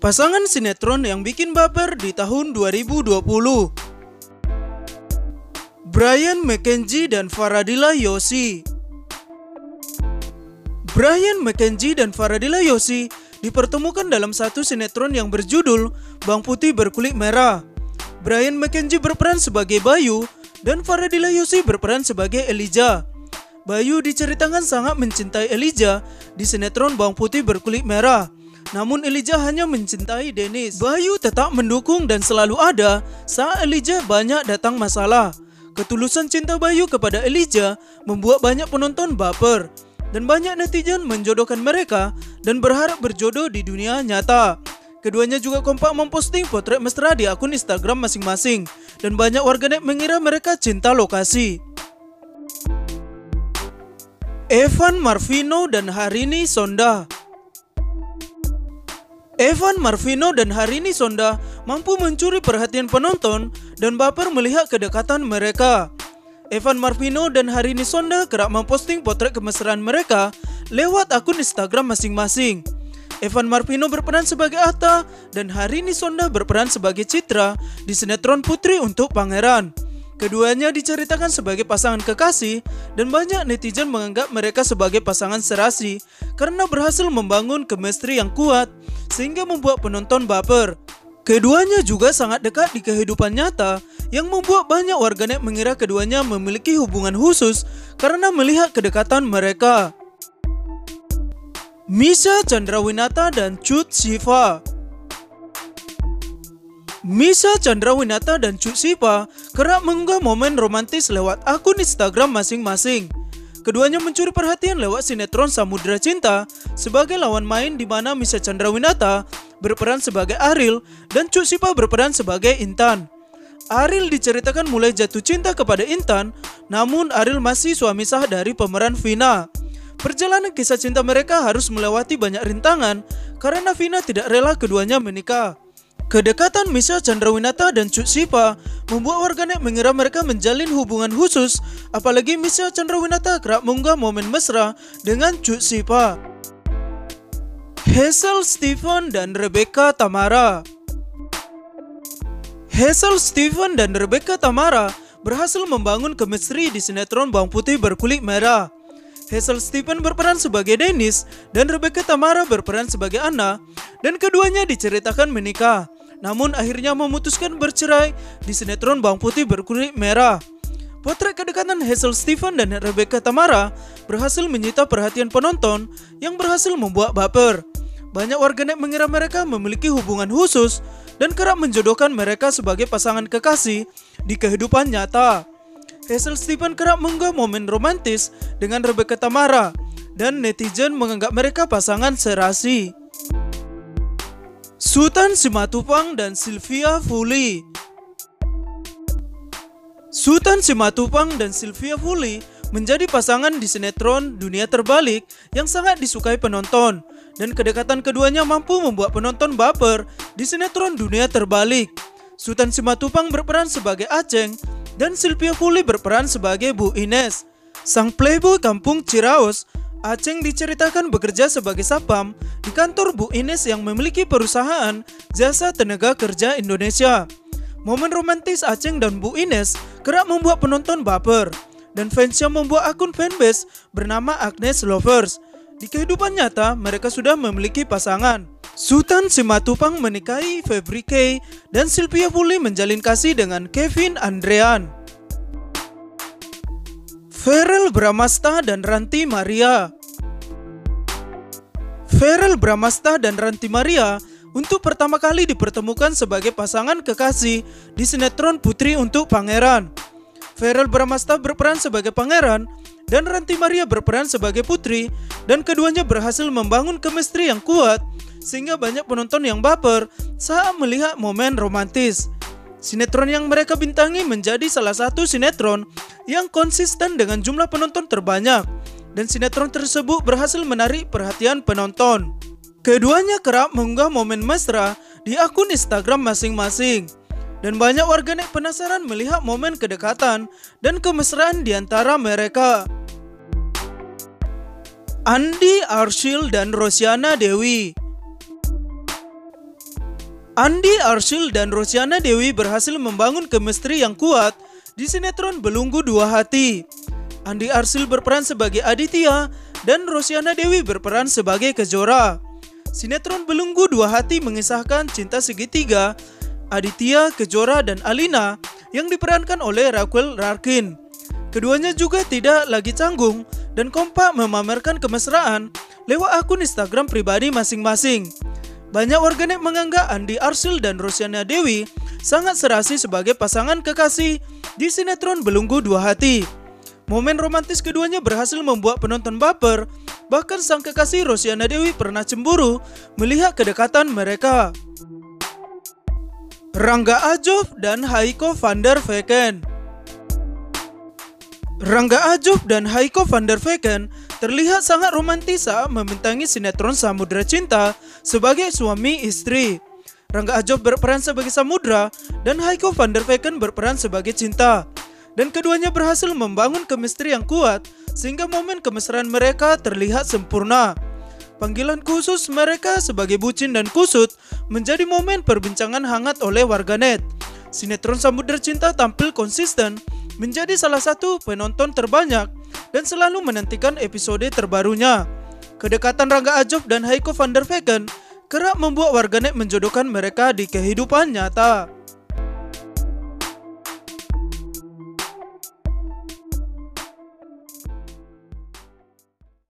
Pasangan sinetron yang bikin baper di tahun 2020 Brian McKenzie dan Faradila Yosi Brian McKenzie dan Faradila Yosi dipertemukan dalam satu sinetron yang berjudul Bang Putih Berkulit Merah. Brian McKenzie berperan sebagai Bayu dan Faradila Yosi berperan sebagai Elijah. Bayu diceritakan sangat mencintai Elijah di sinetron Bang Putih Berkulit Merah namun Elijah hanya mencintai Dennis. Bayu tetap mendukung dan selalu ada saat Elijah banyak datang masalah. Ketulusan cinta Bayu kepada Elijah membuat banyak penonton baper dan banyak netizen menjodohkan mereka dan berharap berjodoh di dunia nyata. Keduanya juga kompak memposting potret mesra di akun Instagram masing-masing dan banyak warganet mengira mereka cinta lokasi. Evan Marvino dan Harini Sonda Evan Marvino dan Harini Sonda mampu mencuri perhatian penonton dan baper melihat kedekatan mereka. Evan Marvino dan Harini Sonda kerap memposting potret kemesraan mereka lewat akun Instagram masing-masing. Evan Marvino berperan sebagai Atta dan Harini Sonda berperan sebagai Citra di sinetron Putri untuk Pangeran. Keduanya diceritakan sebagai pasangan kekasih dan banyak netizen menganggap mereka sebagai pasangan serasi karena berhasil membangun chemistry yang kuat sehingga membuat penonton baper. Keduanya juga sangat dekat di kehidupan nyata yang membuat banyak warganet mengira keduanya memiliki hubungan khusus karena melihat kedekatan mereka. Misha Chandrawinata dan Chut Siva Misha Chandrawinata dan Chut Siva kerap mengunggah momen romantis lewat akun Instagram masing-masing. Keduanya mencuri perhatian lewat sinetron Samudra Cinta sebagai lawan main di mana Misa Chandrawinata berperan sebagai Aril dan Cuk Sipa berperan sebagai Intan. Aril diceritakan mulai jatuh cinta kepada Intan, namun Aril masih suami sah dari pemeran Vina. Perjalanan kisah cinta mereka harus melewati banyak rintangan karena Vina tidak rela keduanya menikah. Kedekatan Misa Chandrawinata dan Cuk Sipa membuat warganet mengira mereka menjalin hubungan khusus, apalagi Misa Chandrawinata kerap mengunggah momen mesra dengan Cuk Sipa. Hazel Stephen dan Rebecca Tamara Hazel Stephen dan Rebecca Tamara berhasil membangun chemistry di sinetron Bawang Putih Berkulit Merah. Hazel Stephen berperan sebagai Dennis dan Rebecca Tamara berperan sebagai Anna dan keduanya diceritakan menikah namun akhirnya memutuskan bercerai di sinetron Bang Putih berkulit merah. Potret kedekatan Hazel Stephen dan Rebecca Tamara berhasil menyita perhatian penonton yang berhasil membuat baper. Banyak warganet mengira mereka memiliki hubungan khusus dan kerap menjodohkan mereka sebagai pasangan kekasih di kehidupan nyata. Hazel Stephen kerap menggah momen romantis dengan Rebecca Tamara dan netizen menganggap mereka pasangan serasi. Sultan Simatupang dan Sylvia Fuli Sultan Simatupang dan Sylvia Fuli menjadi pasangan di sinetron Dunia Terbalik yang sangat disukai penonton dan kedekatan keduanya mampu membuat penonton baper di sinetron Dunia Terbalik. Sultan Simatupang berperan sebagai Aceng dan Sylvia Fuli berperan sebagai Bu Ines, sang playboy kampung Ciraos Aceng diceritakan bekerja sebagai sapam di kantor Bu Ines yang memiliki perusahaan jasa tenaga kerja Indonesia. Momen romantis Aceng dan Bu Ines kerap membuat penonton baper, dan fansnya membuat akun fanbase bernama Agnes Lovers. Di kehidupan nyata, mereka sudah memiliki pasangan. Sultan Simatupang menikahi Febri K dan Sylvia Puli menjalin kasih dengan Kevin Andrean. Feral Bramasta dan Ranti Maria Feral Bramasta dan Ranti Maria untuk pertama kali dipertemukan sebagai pasangan kekasih di sinetron Putri untuk Pangeran. Feral Bramasta berperan sebagai pangeran dan Ranti Maria berperan sebagai putri dan keduanya berhasil membangun kemistri yang kuat sehingga banyak penonton yang baper saat melihat momen romantis. Sinetron yang mereka bintangi menjadi salah satu sinetron yang konsisten dengan jumlah penonton terbanyak, dan sinetron tersebut berhasil menarik perhatian penonton. Keduanya kerap mengunggah momen mesra di akun Instagram masing-masing, dan banyak warganet penasaran melihat momen kedekatan dan kemesraan di antara mereka. Andi Arshil dan Rosiana Dewi Andi Arshil dan Rosiana Dewi berhasil membangun chemistry yang kuat di sinetron Belunggu Dua Hati. Andi Arshil berperan sebagai Aditya dan Rosiana Dewi berperan sebagai Kejora. Sinetron Belunggu Dua Hati mengisahkan cinta segitiga Aditya, Kejora, dan Alina yang diperankan oleh Raquel Rarkin. Keduanya juga tidak lagi canggung dan kompak memamerkan kemesraan lewat akun Instagram pribadi masing-masing. Banyak warganet menganggap Andi Arsil dan Rosiana Dewi sangat serasi sebagai pasangan kekasih di sinetron Belunggu Dua Hati. Momen romantis keduanya berhasil membuat penonton baper, bahkan sang kekasih Rosiana Dewi pernah cemburu melihat kedekatan mereka. Rangga Ajob dan Haiko van der Veken Rangga Ajob dan Haiko van der Veken terlihat sangat romantisa ah, membintangi sinetron Samudra Cinta sebagai suami istri. Rangga Ajob berperan sebagai Samudra dan Haiko van der Vecken berperan sebagai Cinta. Dan keduanya berhasil membangun kemistri yang kuat sehingga momen kemesraan mereka terlihat sempurna. Panggilan khusus mereka sebagai bucin dan kusut menjadi momen perbincangan hangat oleh warganet. Sinetron Samudra Cinta tampil konsisten menjadi salah satu penonton terbanyak dan selalu menantikan episode terbarunya. Kedekatan Rangga Ajob dan Heiko van der Vecken kerap membuat warganet menjodohkan mereka di kehidupan nyata.